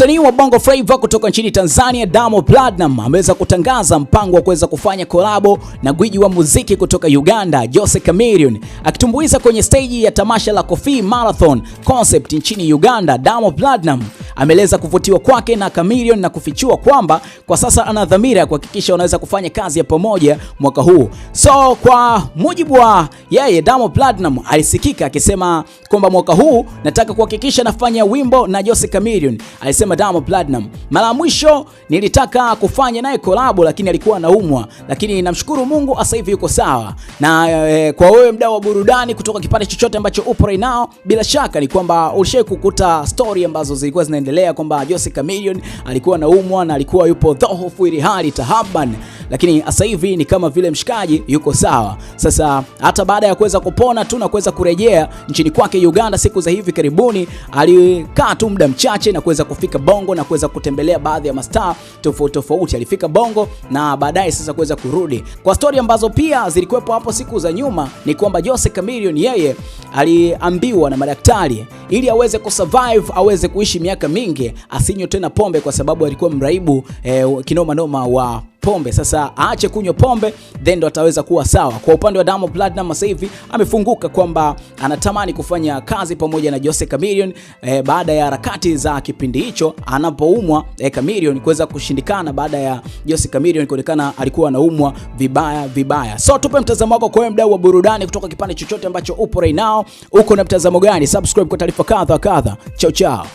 Msanii wa Bongo Flava kutoka nchini Tanzania Diamond Platnumz ameweza kutangaza mpango wa kuweza kufanya kolabo na gwiji wa muziki kutoka Uganda Jose Chameleone. Akitumbuiza kwenye steji ya tamasha la Coffee Marathon Concept nchini Uganda, Diamond Platnumz ameeleza kuvutiwa kwake na Chameleone na kufichua kwamba kwa sasa ana dhamira ya kuhakikisha wanaweza kufanya kazi ya pamoja mwaka huu. So kwa mujibu wa yeye, Diamond Platnumz alisikika akisema kwamba mwaka huu nataka kuhakikisha nafanya wimbo na Jose Chameleone. Alisema Diamond Platnumz, mara mwisho nilitaka kufanya naye kolabo lakini alikuwa anaumwa, lakini namshukuru Mungu asa hivi yuko sawa. Na e, kwa wewe mdau wa burudani kutoka kipande chochote ambacho upo right now, bila shaka ni kwamba ulishai kukuta story ambazo zilikuwa zina unaendelea kwamba Jose Chameleone alikuwa anaumwa na alikuwa yupo dhaifu, ili hali tahaban lakini sasa hivi ni kama vile mshikaji yuko sawa. Sasa hata baada ya kuweza kupona tu na kuweza kurejea nchini kwake Uganda siku za hivi karibuni, alikaa tu muda mchache na kuweza kufika Bongo na kuweza kutembelea baadhi ya mastaa tofauti tofauti. Alifika Bongo na baadaye sasa kuweza kurudi. Kwa stori ambazo pia zilikuwepo hapo siku za nyuma ni kwamba Jose Chameleone yeye aliambiwa na madaktari ili aweze kusurvive, aweze kuishi miaka mingi, asinywe tena pombe kwa sababu alikuwa mraibu eh, kinoma noma wa pombe. Sasa aache kunywa pombe then ndo ataweza kuwa sawa. Kwa upande wa Diamond Platnumz sasa hivi amefunguka kwamba anatamani kufanya kazi pamoja na Jose Chameleone eh, baada ya harakati za kipindi hicho anapoumwa eh, Chameleone kuweza kushindikana baada ya Jose Chameleone kuonekana alikuwa anaumwa vibaya vibaya. So tupe mtazamo wako kwa mdau wa burudani kutoka kipande chochote ambacho upo right now. Uko na mtazamo gani? Subscribe kwa taarifa kadha kadha. Chao chao.